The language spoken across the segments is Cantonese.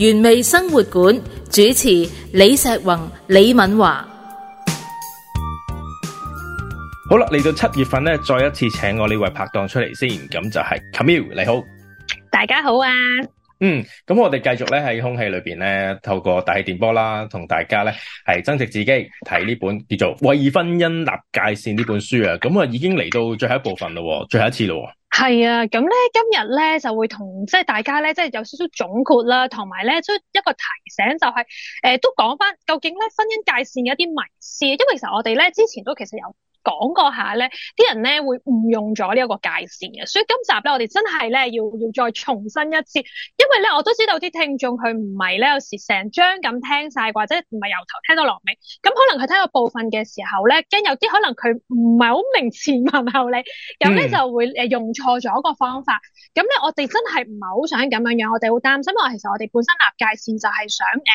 原味生活館主持李碩宏、李敏華，好啦，嚟到七月份咧，再一次請我呢位拍檔出嚟先，咁就係 Camille，你好，大家好啊，嗯，咁我哋繼續咧喺空氣裏邊咧，透過大氣電波啦，同大家咧係增值自己睇呢本叫做《為婚姻立界線》呢本書啊，咁啊已經嚟到最後一部分喇喎，最後一次喇喎。係啊，咁咧今日咧就會同即係大家咧，即係有少少總括啦，同埋咧出一個提醒，就是，就係誒都講翻究竟咧婚姻界線嘅一啲迷思，因為其實我哋咧之前都其實有。講過下咧，啲人咧會誤用咗呢一個界線嘅，所以今集咧我哋真係咧要要再重申一次，因為咧我都知道啲聽眾佢唔係咧有時成張咁聽晒，或者唔係由頭聽到落尾，咁可能佢聽到部分嘅時候咧，跟有啲可能佢唔係好明前文後理，有咧就會用錯咗個方法，咁、嗯、咧我哋真係唔係好想咁樣樣，我哋好擔心，因為其實我哋本身立界線就係想誒、呃、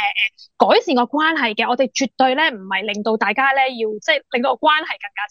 改善個關係嘅，我哋絕對咧唔係令到大家咧要即係令到個關係更加。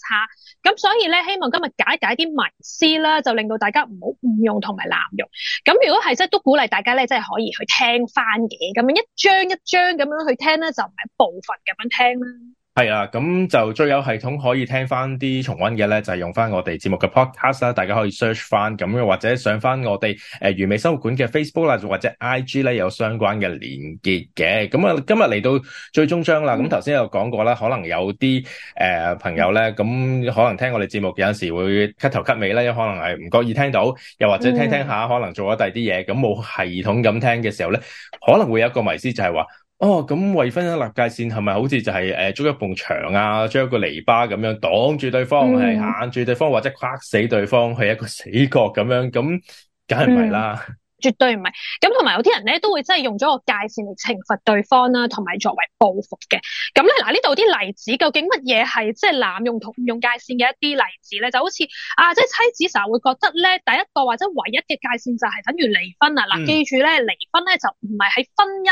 咁、啊、所以咧，希望今日解解啲迷思啦，就令到大家唔好誤用同埋濫用。咁如果係真係都鼓勵大家咧，真係可以去聽翻嘅，咁樣一張一張咁樣去聽咧，就唔係部分咁樣聽啦。係啦、啊，咁就最有系統可以聽翻啲重温嘅咧，就係、是、用翻我哋節目嘅 podcast 啦。大家可以 search 翻，咁又或者上翻我哋誒完美生活館嘅 Facebook 啦，或者 IG 咧有相關嘅連結嘅。咁啊，今日嚟到最終章啦。咁頭先有講過啦，可能有啲誒、呃、朋友咧，咁可能聽我哋節目有陣時會 cut 頭 cut 尾咧，可能係唔覺意聽到，又或者聽聽下，可能做咗第二啲嘢，咁冇系統咁聽嘅時候咧，可能會有一個迷思就係話。哦，咁為婚姻立界線係咪好似就係誒，築一埲牆啊，將一個籬笆咁樣擋住對,對方，係攔住對方，或者 cut 死對方，係一個死角咁樣？咁梗係唔係啦，絕對唔係。咁同埋有啲人咧都會真係用咗個界線嚟懲罰對方啦，同埋作為報復嘅。咁咧嗱，呢度啲例子究竟乜嘢係即係濫用同用界線嘅一啲例子咧？就好似啊，即係妻子成日會覺得咧，第一個或者唯一嘅界線就係等於離婚啊。嗱、嗯，記住咧，離婚咧就唔係喺婚姻。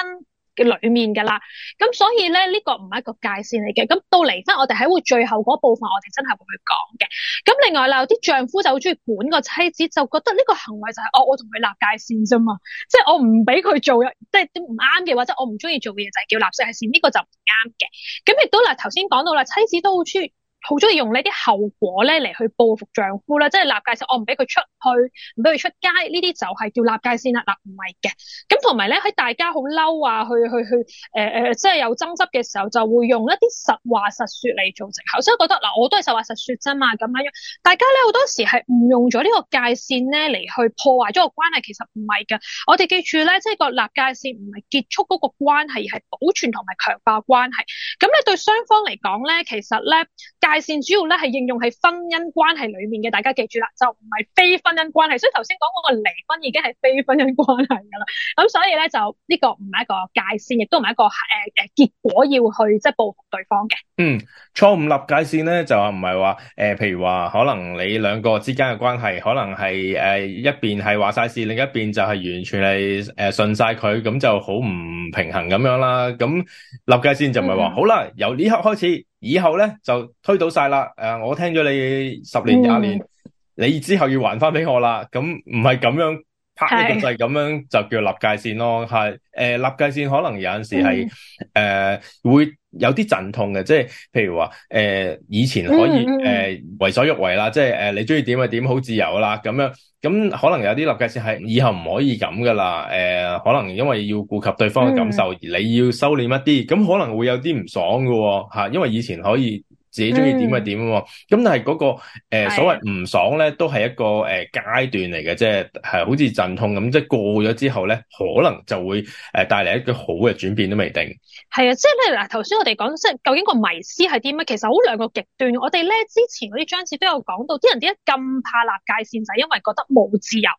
嘅裏面噶啦，咁所以咧呢個唔係一個界線嚟嘅。咁到離婚我哋喺會最後嗰部分我哋真係會講嘅。咁另外啦，有啲丈夫就好中意管個妻子，就覺得呢個行為就係，哦，我我同佢立界線啫嘛，即係我唔俾佢做，即係唔啱嘅或者我唔中意做嘅嘢就叫立界線，呢個就唔啱嘅。咁亦都啦，頭先講到啦，妻子都好中意。好中意用呢啲後果咧嚟去報復丈夫啦，即係立界線，我唔俾佢出去，唔俾佢出街，呢啲就係叫立界線啦。嗱，唔係嘅。咁同埋咧，喺大家好嬲啊，去去去，誒即係有爭執嘅時候，就會用一啲實話實說嚟做借口。所以覺得嗱，我都係實話實說啫嘛，咁樣。大家咧好多時係唔用咗呢個界線咧嚟去破壞咗個關係，其實唔係嘅。我哋記住咧，即係個立界線唔係結束嗰個關係，而係保存同埋強化關係。咁咧對雙方嚟講咧，其實咧。界線主要咧係應用喺婚姻關係裏面嘅，大家記住啦，就唔係非婚姻關係。所以頭先講嗰個離婚已經係非婚姻關係噶啦，咁所以咧就呢個唔係一個界線，亦都唔係一個誒誒、呃、結果要去即係報復對方嘅。嗯，錯誤立界線咧就話唔係話誒，譬如話可能你兩個之間嘅關係，可能係誒、呃、一邊係話晒事，另一邊就係完全係誒信晒佢，咁、呃、就好唔平衡咁樣啦。咁立界線就唔係話好啦，由呢刻開始。以後咧就推倒晒啦，誒、呃，我聽咗你十年廿、嗯、年，你之後要還翻俾我啦，咁唔係咁樣拍呢個掣，咁樣就叫立界線咯，係，誒、呃，立界線可能有陣時係，誒、嗯呃，會。有啲陣痛嘅，即係譬如話，誒、呃、以前可以誒、呃、為所欲為啦，即係、呃、你中意點啊點，好自由啦咁樣。咁可能有啲立界線係以後唔可以咁噶啦，誒、呃、可能因為要顧及對方嘅感受、嗯，而你要收斂一啲，咁可能會有啲唔爽㗎喎，因為以前可以。自己中意點咪點喎？咁、嗯、但係嗰、那個、呃、是所謂唔爽咧，都係一個誒、呃、階段嚟嘅，即係係好似陣痛咁。即係過咗之後咧，可能就會誒帶嚟一個好嘅轉變都未定。係啊，即係咧嗱，頭先我哋講即係究竟個迷思係啲乜？其實好兩個極端。我哋咧之前嗰啲章節都有講到，啲人點解咁怕立界線就係、是、因為覺得冇自由。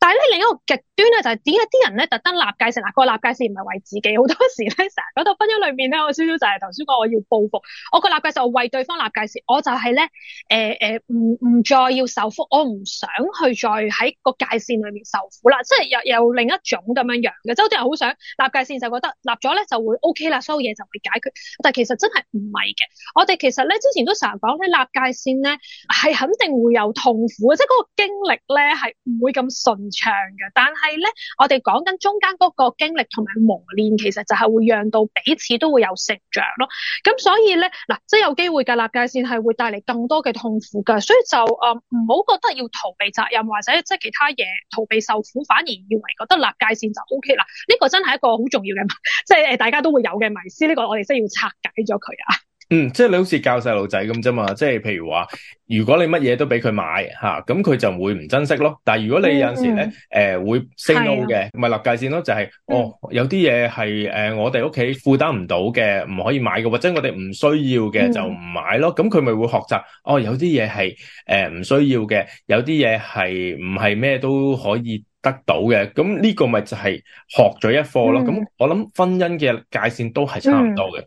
但係咧另一個極端咧就係點解啲人咧特登立界線？嗱、那，個立界線唔係為自己，好多時咧成日講到婚姻裏面咧，我少少就係頭先講我要報復，我個立界線我為對方立界線，我就係、是、咧，誒誒，唔唔再要受苦，我唔想去再喺個界線裏面受苦啦，即係又又另一種咁樣樣嘅。即係有啲人好想立界線，就覺得立咗咧就會 OK 啦，所有嘢就會解決，但係其實真係唔係嘅。我哋其實咧之前都成日講咧，立界線咧係肯定會有痛苦嘅，即係嗰個經歷咧係唔會咁順暢嘅。但係咧，我哋講緊中間嗰個經歷同埋磨練，其實就係會讓到彼此都會有成長咯。咁所以咧，嗱，即係有機會。嘅立界線係會帶嚟更多嘅痛苦噶，所以就誒唔好覺得要逃避責任或者即係其他嘢逃避受苦，反而以為覺得立界線就 OK 啦。呢個真係一個好重要嘅，即係誒大家都會有嘅迷思。呢個我哋真係要拆解咗佢啊。嗯，即係你好似教細路仔咁啫嘛，即係譬如話，如果你乜嘢都俾佢買吓，咁、啊、佢就會唔珍惜咯。但係如果你有陣時咧，誒、嗯呃、會 say no 嘅，咪立界線咯，就係、是嗯、哦，有啲嘢係誒我哋屋企負擔唔到嘅，唔可以買嘅，或者我哋唔需要嘅就唔買咯。咁佢咪會學習哦，有啲嘢係誒唔需要嘅，有啲嘢係唔係咩都可以得到嘅。咁呢個咪就係學咗一課咯。咁、嗯、我諗婚姻嘅界線都係差唔多嘅。嗯嗯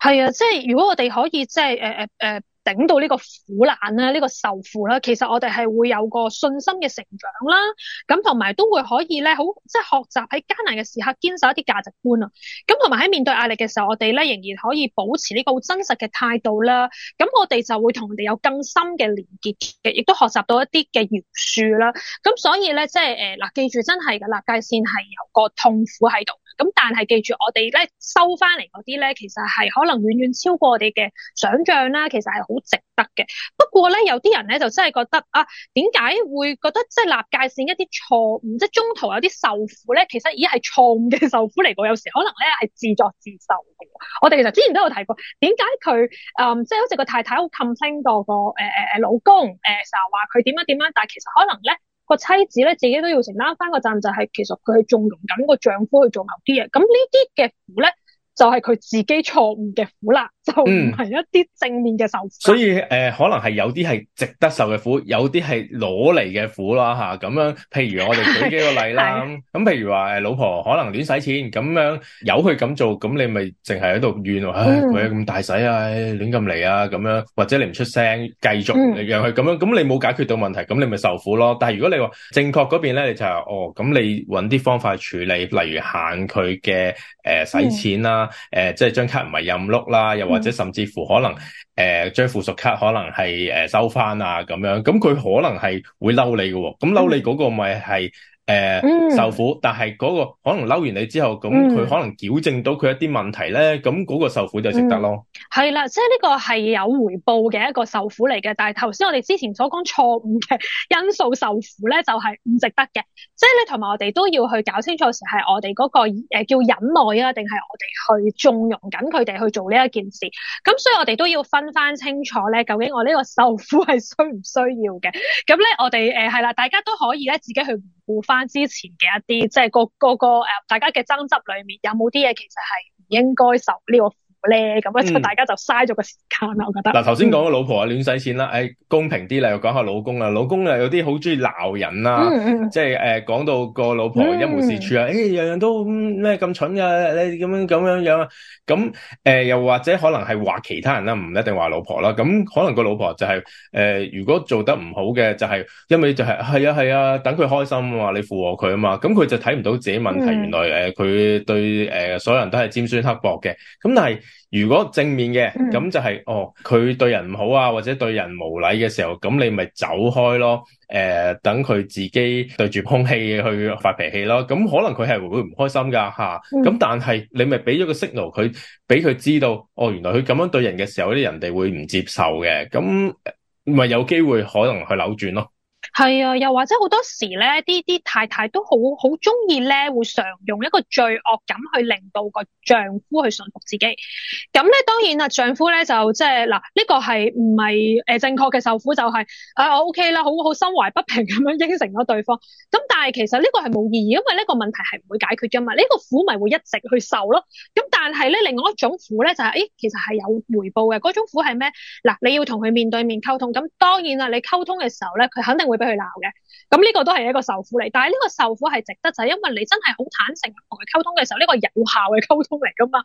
係啊，即係如果我哋可以即係誒誒誒，頂到呢個苦難啦，呢個受苦啦，其實我哋係會有個信心嘅成長啦，咁同埋都會可以咧，好即係學習喺艱難嘅時刻堅守一啲價值觀啊，咁同埋喺面對壓力嘅時候，我哋咧仍然可以保持呢個真實嘅態度啦，咁我哋就會同人哋有更深嘅連結嘅，亦都學習到一啲嘅饒恕啦，咁所以咧，即係誒嗱，記住真係㗎喇，立界線係有個痛苦喺度。咁但係記住，我哋咧收翻嚟嗰啲咧，其實係可能遠遠超過我哋嘅想象啦。其實係好值得嘅。不過咧，有啲人咧就真係覺得啊，點解會覺得即係立界線一啲錯誤，即係中途有啲受苦咧，其實已經係錯誤嘅受苦嚟㗎。有時可能咧係自作自受㗎。我哋其實之前都有提過，點解佢誒即係好似個太太好冚聲過、個個、呃呃呃、老公誒，成日話佢點樣點樣但係其實可能咧。個妻子咧，自己都要承擔返個責任，就係其實佢係縱容緊個丈夫去做某啲嘢，咁呢啲嘅苦咧，就係、是、佢自己錯誤嘅苦啦。嗯，係一啲正面嘅受苦。所以誒、呃，可能係有啲係值得受嘅苦，有啲係攞嚟嘅苦啦吓，咁、啊、樣。譬如我哋舉幾個例啦，咁 譬如話誒，老婆可能亂使錢，咁樣由佢咁做，咁你咪淨係喺度怨、嗯哎啊，唉，佢咁大使啊，亂咁嚟啊，咁樣，或者你唔出聲，繼續讓佢咁樣，咁、嗯、你冇解決到問題，咁你咪受苦咯。但係如果你話正確嗰邊咧，你就話哦，咁你搵啲方法去處理，例如限佢嘅誒使錢啦，誒、嗯呃、即係張卡唔係任碌啦，又或。或者甚至乎可能，誒、呃、將附屬卡可能係誒收翻啊咁樣，咁佢可能係會嬲你嘅，咁嬲你嗰個咪係。誒、嗯，受苦，但係嗰個可能嬲完你之後，咁佢可能矯正到佢一啲問題咧，咁嗰個受苦就值得咯。係、嗯、啦，即係呢個係有回報嘅一個受苦嚟嘅，但係頭先我哋之前所講錯誤嘅因素受苦咧，就係、是、唔值得嘅。即係咧，同埋我哋都要去搞清楚、那個，時、呃、係我哋嗰個誒叫忍耐啊，定係我哋去縱容緊佢哋去做呢一件事？咁所以我哋都要分翻清楚咧，究竟我呢個受苦係需唔需要嘅？咁咧，我哋誒係啦，大家都可以咧自己去。顧翻之前嘅一啲，即、就、係、是、個個誒、呃，大家嘅爭執裏面有冇啲嘢其實係唔應該受呢、這個。咧，咁啊，大家就嘥咗個時間啦。我覺得嗱，頭先講個老婆啊，亂使錢啦。誒，公平啲，嚟又講下老公啊，老公啊有啲好中意鬧人啦，即係誒講到個老婆一無是處，嗯哎嗯、麼麼啊，誒樣樣都咩咁蠢噶，你咁樣咁樣樣啊，咁、嗯、誒、呃、又或者可能係話其他人啦，唔一定話老婆啦。咁可能個老婆就係、是、誒、呃、如果做得唔好嘅，就係因為就係、是、係啊係啊，啊，等佢開心啊，你附和佢啊嘛。咁佢就睇唔到自己問題，嗯、原來誒佢、呃、對誒、呃、所有人都係尖酸刻薄嘅。咁但係。如果正面嘅咁就係、是嗯、哦，佢對人唔好啊，或者對人無禮嘅時候，咁你咪走開咯。誒、呃，等佢自己對住空氣去發脾氣咯。咁可能佢係會唔開心噶吓。咁、啊、但係你咪俾咗個 signal，佢俾佢知道哦，原來佢咁樣對人嘅時候，啲人哋會唔接受嘅。咁咪有機會可能去扭轉咯。係啊，又或者好多時咧，啲啲太太都好好中意咧，會常用一個罪惡感去令到個丈夫去順服自己。咁咧當然啦，丈夫咧就即係嗱，呢個係唔係誒正確嘅受苦？就係誒我 OK 啦，好好，好心懷不平咁樣應承咗對方。咁但係其實呢個係無意義，因為呢個問題係唔會解決㗎嘛。呢個苦咪會一直去受咯。咁但係咧，另外一種苦咧就係誒，其實係有回報嘅。嗰種苦係咩？嗱，你要同佢面對面溝通。咁當然啦，你溝通嘅時候咧，佢肯定會俾。去鬧嘅，咁呢個都係一個受苦嚟，但係呢個受苦係值得，就係因為你真係好坦誠同佢溝通嘅時候，呢個有效嘅溝通嚟噶嘛，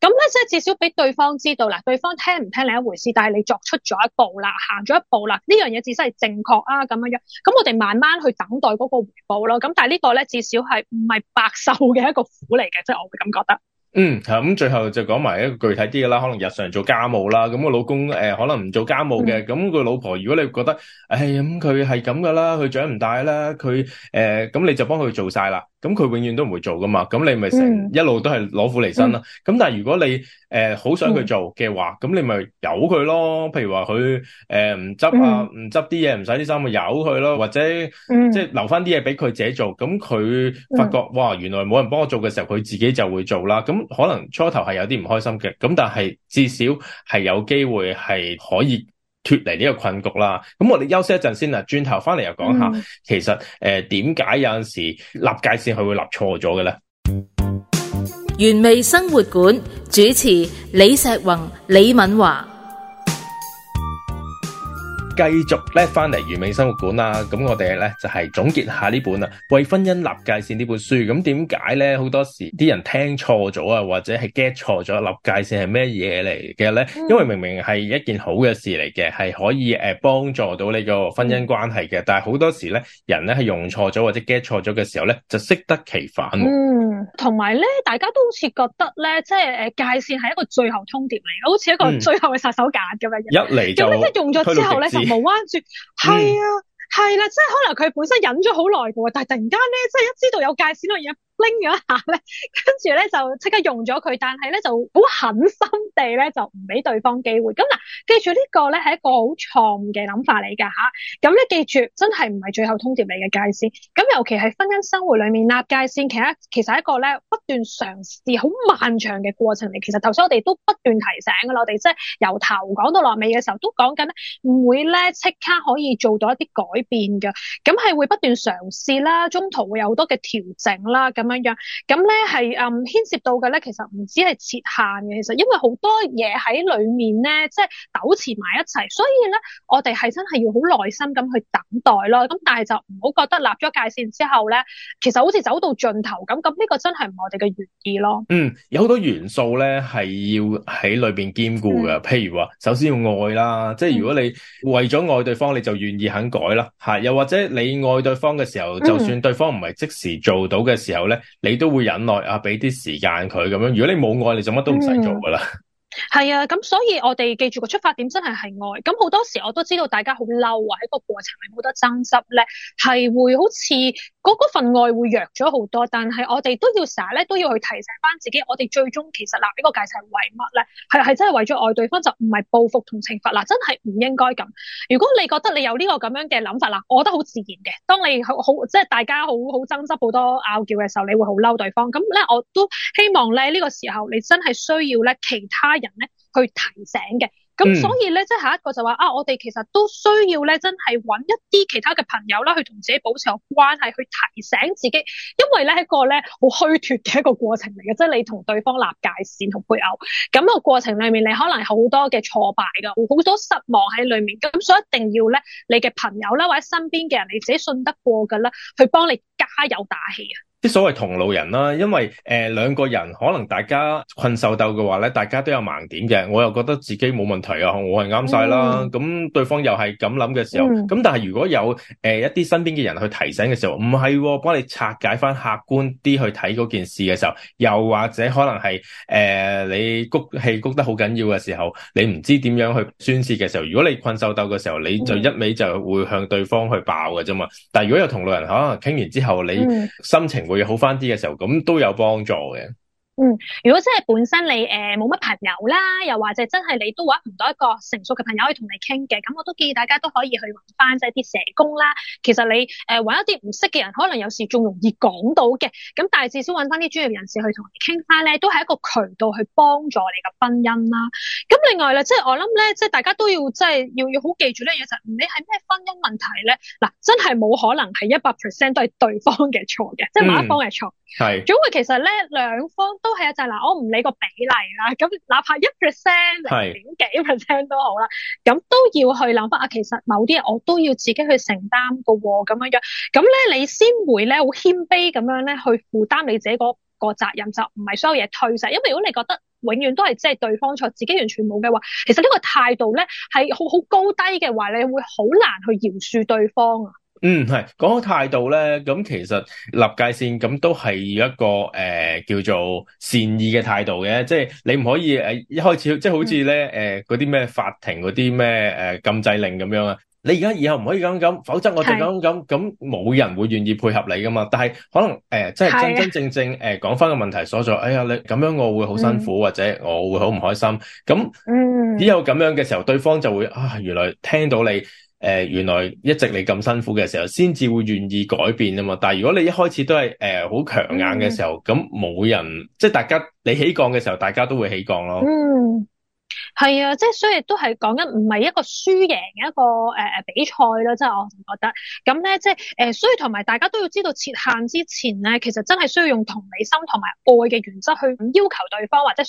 咁咧即係至少俾對方知道啦，對方聽唔聽另一回事，但係你作出咗一步啦，行咗一步啦，呢樣嘢至少係正確啊咁樣樣，咁我哋慢慢去等待嗰個回報咯，咁但係呢個咧至少係唔係白受嘅一個苦嚟嘅，即係我會咁覺得。嗯，咁、嗯，最後就講埋一個具體啲嘅啦，可能日常做家務啦，咁、嗯、個老公誒、呃，可能唔做家務嘅，咁、嗯、個老婆，如果你覺得，唉、哎，咁佢係咁噶啦，佢長唔大啦，佢誒，咁、呃嗯、你就幫佢做晒啦。咁佢永遠都唔會做噶嘛，咁你咪成、嗯、一路都係攞苦離身啦、啊。咁、嗯、但係如果你誒好、呃、想佢做嘅話，咁、嗯、你咪由佢咯。譬如話佢誒唔執啊，唔執啲嘢，唔使啲衫咪由佢咯。或者即係、嗯就是、留翻啲嘢俾佢自己做，咁佢發覺、嗯、哇，原來冇人幫我做嘅時候，佢自己就會做啦。咁可能初頭係有啲唔開心嘅，咁但係至少係有機會係可以。脫離呢個困局啦，咁我哋休息一陣先啦，轉頭翻嚟又講下，其實誒點解有陣時立界線佢會立錯咗嘅咧？原味生活館主持李碩宏、李敏華。繼續咧翻嚟完美生活館啦，咁我哋咧就係、是、總結下呢本啊，為婚姻立界線呢本書，咁點解咧好多時啲人聽錯咗啊，或者係 get 錯咗立界線係咩嘢嚟嘅咧？因為明明係一件好嘅事嚟嘅，係可以誒幫助到你個婚姻關係嘅，嗯，但係好多時咧人咧係用錯咗或者 get 錯咗嘅時候咧，就適得其反。嗯，同埋咧，大家都好似覺得咧，即係誒界線係一個最後通牒嚟，好似一個最後嘅殺手鐧咁樣，嗯。一嚟就，咁用咗之後咧冇彎轉，係啊，係、嗯、啦、啊，即係、啊、可能佢本身忍咗好耐嘅，但係突然間咧，即係一知道有界線嘅嘢。拎咗一下咧，跟住咧就即刻用咗佢，但係咧就好狠心地咧就唔俾對方機會。咁嗱，記住呢個咧係一個好錯誤嘅諗法嚟㗎吓。咁咧記住真係唔係最後通牒嚟嘅界綫，咁尤其係婚姻生活裏面立界綫其，其實其實一個咧不斷嘗試好漫長嘅過程嚟。其實頭先我哋都不斷提醒㗎啦，我哋即係由頭講到落尾嘅時候都講緊咧唔會咧即刻可以做到一啲改變嘅。咁係會不斷嘗試啦，中途會有好多嘅調整啦，咁。咁樣樣，咁咧係誒牽涉到嘅咧，其實唔止係設限嘅，其實因為好多嘢喺裏面咧，即係糾纏埋一齊，所以咧我哋係真係要好耐心咁去等待咯。咁但係就唔好覺得立咗界線之後咧，其實好似走到盡頭咁。咁呢個真係唔係我哋嘅原意咯。嗯，有好多元素咧係要喺裏邊兼顧嘅，嗯，譬如話，首先要愛啦，嗯，即係如果你為咗愛對方，你就願意肯改啦，吓。又或者你愛對方嘅時候，就算對方唔係即時做到嘅時候咧。嗯呢你都會忍耐啊，俾啲時間佢咁樣。如果你冇愛，你就乜都唔使做噶啦，嗯。係 啊，咁所以我哋記住個出發點真係係愛。咁好多時我都知道大家好嬲啊，喺個過程係好多爭執咧，係會好似。嗰份愛會弱咗好多，但係我哋都要成日咧都要去提醒翻自己，我哋最終其實嗱，這個、解釋呢個界線係為乜咧？係係真係為咗愛對方，就唔係報復同懲罰啦，真係唔應該咁。如果你覺得你有呢個咁樣嘅諗法啦，我覺得好自然嘅。當你好好即係大家好好爭執好多拗撬嘅時候，你會好嬲對方。咁咧，我都希望咧呢、這個時候你真係需要咧其他人咧去提醒嘅。咁、嗯、所以咧，即係下一個就話啊，我哋其實都需要咧，真係揾一啲其他嘅朋友啦，去同自己保持個關係，去提醒自己，因為咧一個咧好虛脫嘅一個過程嚟嘅，即、就、係、是、你同對方立界線同配偶咁、那個過程裏面，你可能好多嘅挫敗噶，好多失望喺裏面，咁所以一定要咧，你嘅朋友啦，或者身邊嘅人，你自己信得過噶啦，去幫你加油打氣啊！啲所謂同路人啦，因為誒、呃、兩個人可能大家困獸鬥嘅話咧，大家都有盲點嘅。我又覺得自己冇問題啊，我係啱晒啦。咁、嗯、對方又係咁諗嘅時候，咁、嗯、但係如果有誒、呃、一啲身邊嘅人去提醒嘅時候，唔係，幫你拆解翻客觀啲去睇嗰件事嘅時候，又或者可能係誒、呃、你谷氣谷得好緊要嘅時候，你唔知點樣去宣泄嘅時候，如果你困獸鬥嘅時候，你就一味就會向對方去爆㗎啫嘛。但係如果有同路人，可能傾完之後你、嗯、心情。會好翻啲嘅時候，咁都有幫助嘅。嗯，如果真係本身你誒冇乜朋友啦，又或者真係你都搵唔到一個成熟嘅朋友去同你傾嘅，咁我都建議大家都可以去搵翻一啲社工啦。其實你誒搵，呃、一啲唔識嘅人，可能有時仲容易講到嘅。咁但係至少搵翻啲專業人士去同你傾翻咧，都係一個渠道去幫助你嘅婚姻啦。咁另外咧，即係我諗咧，即係大家都要即係要要好記住呢樣嘢就，你係咩婚姻問題咧？嗱，真係冇可能係一百 percent 都係對方嘅錯嘅，即係某一方嘅錯。係，總會其實咧兩方。都係啊，就係嗱，我唔理個比例啦，咁哪怕一 percent 零點幾 percent 都好啦，咁都要去諗翻啊。其實某啲嘢我都要自己去承擔喎。咁樣樣，咁咧你先會咧好謙卑咁樣咧去負擔你自己嗰個責任，就唔係所有嘢推晒。因為如果你覺得永遠都係即係對方錯，自己完全冇嘅話，其實呢個態度咧係好好高低嘅話，你會好難去饒恕對方啊。嗯，係講態度咧，咁其實立界線咁都係一個誒、呃、叫做善意嘅態度嘅，即、就、係、是、你唔可以誒一開始即係、就是、好似咧誒嗰啲咩法庭嗰啲咩誒禁制令咁樣啊，你而家以後唔可以咁咁，否則我就咁咁，咁冇人會願意配合你噶嘛。但係可能誒即係真真正正誒、啊呃、講翻個問題所在，哎呀你咁樣我會好辛苦、嗯、或者我會好唔開心，咁只有咁樣嘅、嗯、時候，對方就會啊原來聽到你。誒、呃，原來一直你咁辛苦嘅時候，先至會願意改變啊嘛。但係如果你一開始都係誒好強硬嘅時候，咁、嗯、冇人，即係大家你企硬嘅時候，大家都會企硬咯。嗯。係啊，即係所以都係講緊唔係一個輸贏嘅一個誒誒、呃、比賽啦，即係我覺得咁咧，即係誒，所以同埋、呃、大家都要知道，設限之前咧，其實真係需要用同理心同埋愛嘅原則去要求對方或者誒，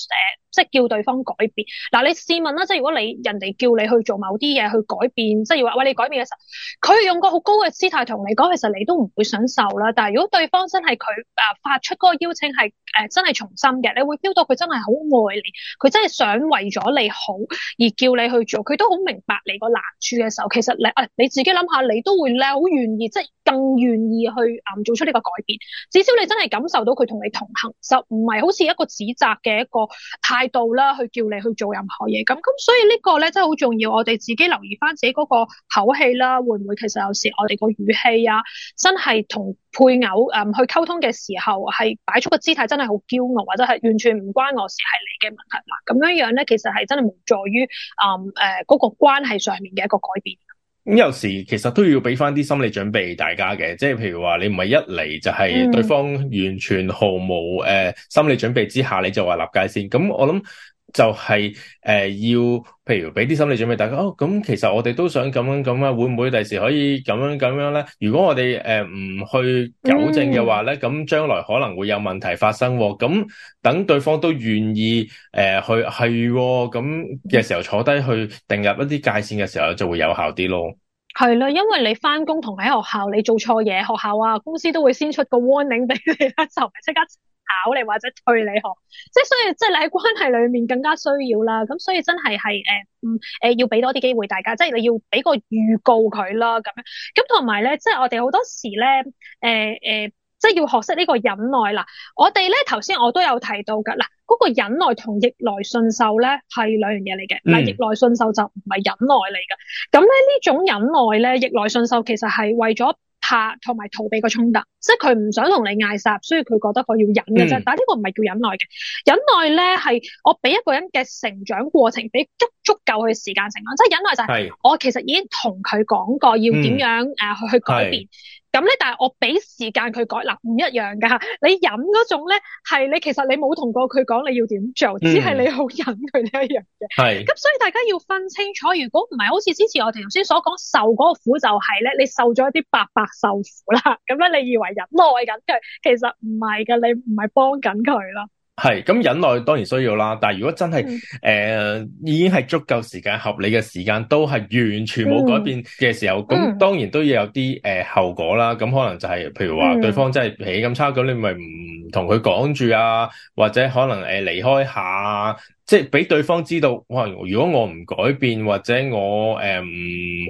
即、呃、係叫對方改變。嗱、呃，你試問啦，即係如果你人哋叫你去做某啲嘢去改變，即係話喂你改變嘅時候，佢用個好高嘅姿態同你講，其實你都唔會想受啦。但係如果對方真係佢啊發出嗰個邀請係誒、呃、真係從心嘅，你會 feel 到佢真係好愛你，佢真係想為咗你。好而叫你去做，佢都好明白你個難處嘅時候。其實你誒你自己諗下，你都會你好願意，即係更願意去誒、嗯、做出呢個改變，至少你真係感受到佢同你同行，就唔係好似一個指責嘅一個態度啦，去叫你去做任何嘢咁。咁所以這個呢個咧真係好重要，我哋自己留意翻自己嗰個口氣啦，會唔會其實有時我哋個語氣啊，真係同配偶誒、嗯、去溝通嘅時候係擺出個姿態真係好驕傲，或者係完全唔關我事，係你嘅問題啦，咁樣樣咧，其實係真。在於啊，誒、嗰個關係上面嘅一個改變，咁有時其實都要俾翻啲心理準備大家嘅，即係譬如話你唔係一嚟就係對方完全毫無誒、呃、心理準備之下，你就話立界線，咁我諗。就係、是、要、呃，譬如俾啲心理準備大家。哦，咁其實我哋都想咁樣咁樣，會唔會第時可以咁樣咁樣咧？如果我哋唔、呃、去糾正嘅話咧，咁、嗯、將來可能會有問題發生。咁等對方都願意誒、呃、去係咁嘅時候坐低去定入一啲界線嘅時候，就會有效啲咯。係啦，因為你翻工同喺學校，你做錯嘢，學校啊公司都會先出個 warning 俾你就即刻。考你或者推你學，即係所以即係你喺關係裏面更加需要啦，咁所以真係係誒，嗯、呃、誒、呃呃、要俾多啲機會大家，即係你要俾個預告佢啦咁樣，咁同埋咧，即係我哋好多時咧，誒、呃、誒、呃，即係要學識呢個忍耐啦，我哋咧頭先我都有提到噶嗱，嗰、那個忍耐同逆來順受咧係兩樣嘢嚟嘅。嗱、嗯、逆來順受就唔係忍耐嚟噶，咁咧呢種忍耐咧逆來順受其實係為咗。怕同埋逃避個衝突，即係佢唔想同你嗌霎，所以佢覺得佢要忍嘅啫、嗯。但係呢個唔係叫忍耐嘅，忍耐咧係我俾一個人嘅成長過程俾足足夠佢時間成長，即係忍耐就係我其實已經同佢講過要點樣誒去、嗯呃、去改變。咁咧，但係我俾時間佢改，啦唔一樣噶。你忍嗰種咧，係你其實你冇同過佢講你要點做，只係你好忍佢呢一樣嘢。係、嗯、咁，所以大家要分清楚，如果唔係好似之前我哋頭先所講受嗰個苦就係、是、咧，你受咗一啲白白受苦啦。咁呢，你以為忍耐緊佢，其實唔係㗎，你唔係幫緊佢咯。係，咁忍耐當然需要啦，但如果真係誒、嗯呃、已經係足夠時間、合理嘅時間，都係完全冇改變嘅時候，咁、嗯、當然都要有啲誒、呃、後果啦。咁可能就係、是、譬如話對方真係脾氣咁差，咁你咪唔同佢講住啊，或者可能誒離、呃、開下、啊。即係俾對方知道，哇！如果我唔改變或者我誒唔、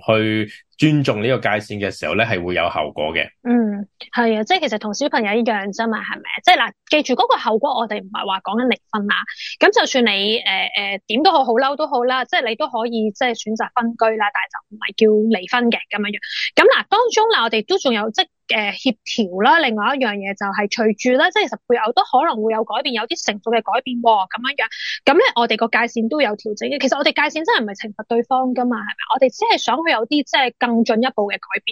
呃、去尊重呢個界線嘅時候咧，係會有後果嘅。嗯，係啊，即係其實同小朋友一樣啫嘛，係咪？即係嗱，記住嗰、那個後果，我哋唔係話講緊離婚啊。咁就算你誒誒點都好，好嬲都好啦，即係你都可以即係選擇分居啦，但係就唔係叫離婚嘅咁樣樣。咁嗱，當中嗱，我哋都仲有即誒協調啦，另外一樣嘢就係隨住咧，即係其實配偶都可能會有改變，有啲成熟嘅改變喎，咁樣樣。咁咧，我哋個界線都有調整嘅。其實我哋界線真係唔係懲罰對方噶嘛，係咪？我哋只係想去有啲即係更進一步嘅改變。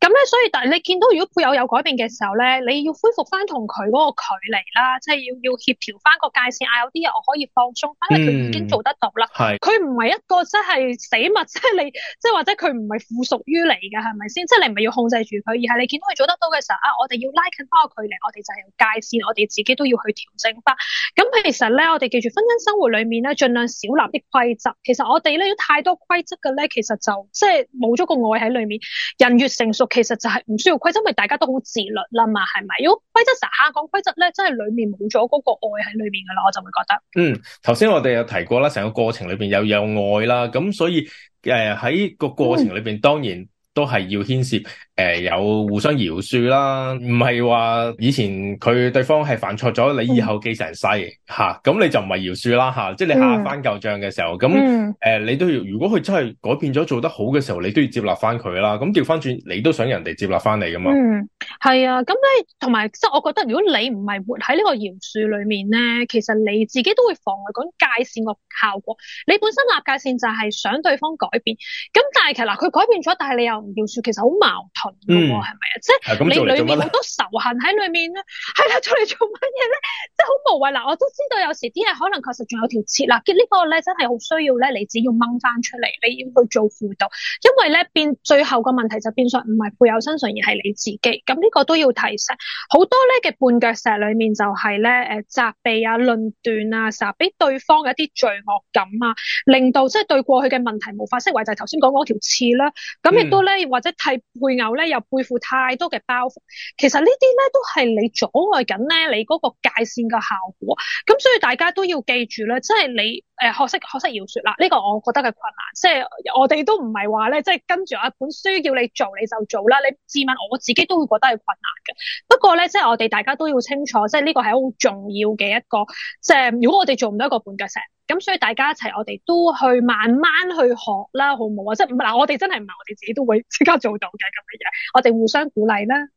咁咧，所以但係你見到如果配偶有改變嘅時候咧，你要恢復翻同佢嗰個距離啦，即係要要協調翻個界線啊！有啲嘢我可以放鬆，因為佢已經做得到啦。係，佢唔係一個即係死物，即係你，即係或者佢唔係附屬於你嘅，係咪先？即係你唔係要控制住佢，而係你見到佢。做得到嘅時候啊，我哋要拉近翻個距離，我哋就係界線，我哋自己都要去調整翻。咁其實咧，我哋記住婚姻生活裏面咧，盡量少立啲規則。其實我哋咧，如果太多規則嘅咧，其實就即係冇咗個愛喺裏面。人越成熟，其實就係唔需要規則，因為大家都好自律啦嘛，係咪？如果規則成下講規則咧，真係裏面冇咗嗰個愛喺裏面噶啦，我就會覺得。嗯，頭先我哋有提過啦，成個過程裏邊又有愛啦，咁所以誒喺個過程裏邊，當然都係要牽涉。誒、呃，有互相饒恕啦，唔係話以前佢對方係犯錯咗，你以後記成世吓，咁、嗯啊、你就唔係饒恕啦吓、啊，即係你下翻舊賬嘅時候，咁、嗯、誒、嗯呃，你都要如果佢真係改變咗做得好嘅時候，你都要接納翻佢啦。咁調翻轉，你都想人哋接納翻你噶嘛？嗯，係啊，咁咧，同埋即係我覺得，如果你唔係活喺呢個饒恕裏面咧，其實你自己都會妨礙講界線個效果。你本身立界線就係想對方改變，咁但係其實嗱，佢、啊、改變咗，但係你又唔饒恕，其實好矛盾。嗯，係咪啊？即係你裏面好多仇恨喺裏面咧，係、嗯、啦、嗯，做嚟做乜嘢咧？即係好無謂啦。我都知道有時啲嘢可能確實仲有一條刺啦。咁、這個、呢個咧真係好需要咧，你只要掹翻出嚟，你要去做輔導，因為咧，變最後個問題就變相唔係配偶身上，而係你自己。咁呢個都要提醒。好多咧嘅絆腳石裏面就係咧誒責備啊、論斷啊，甚至俾對方嘅一啲罪惡感啊，令到即係對過去嘅問題無法釋懷。就係頭先講嗰條刺啦。咁亦都咧或者替配偶。咧又背負太多嘅包袱，其實呢啲咧都係你阻礙緊咧你嗰個界線嘅效果。咁所以大家都要記住咧，即係你誒學識學識要說啦。呢個我覺得嘅困難，即係我哋都唔係話咧，即係跟住有一本書叫你做你就做啦。你自問我自己都會覺得係困難嘅。不過咧，即係我哋大家都要清楚，即係呢個係好重要嘅一個。即係如果我哋做唔到一個半腳石。咁所以大家一齊，我哋都去慢慢去學啦，好唔好啊？即係嗱，我哋真係唔係我哋自己都會即刻做到嘅咁嘅嘢，我哋互相鼓勵啦。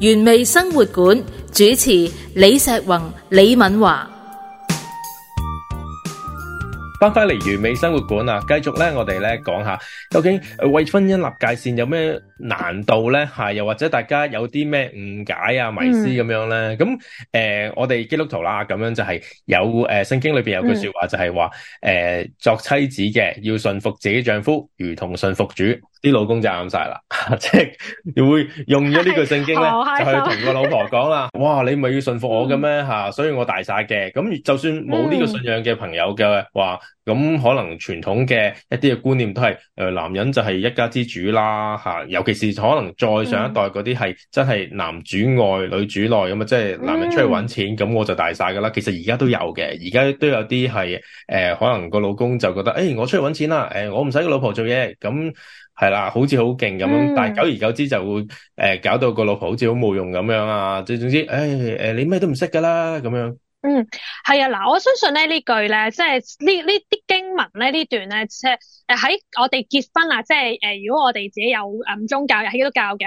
原味生活館主持李碩宏、李敏華，翻返嚟原味生活館啊！繼續咧，我哋咧講下究竟為婚姻立界線有咩？難度咧，又或者大家有啲咩誤解啊、迷思咁樣咧，咁、嗯、誒、呃，我哋基督徒啦，咁樣就係有誒、呃、聖經裏面有句說話，就係話誒作妻子嘅要順服自己丈夫，如同順服主。啲老公就啱晒啦，即係會用咗呢句聖經咧， 就去同個老婆講啦。 哇，你咪要順服我咁咩、嗯、所以我大晒嘅。咁就算冇呢個信仰嘅朋友嘅話，嗯咁、嗯、可能傳統嘅一啲嘅觀念都係、呃，男人就係一家之主啦、啊，尤其是可能再上一代嗰啲係真係男主外、嗯、女主內咁啊，即係男人出去揾錢，咁、嗯、我就大晒噶啦。其實而家都有嘅，而家都有啲係誒，可能個老公就覺得，誒、欸、我出去揾錢啦、呃，我唔使個老婆做嘢，咁係啦，好似好勁咁樣，但係久而久之就會、呃、搞到個老婆好似好冇用咁樣啊，總總之，誒、哎呃、你咩都唔識噶啦咁樣嗯，係啊，嗱，我相信咧呢句咧、呃，即係呢呢啲經文咧呢段咧，即係誒喺我哋結婚啊，即係誒如果我哋自己有誒宗教嘅喺基督教嘅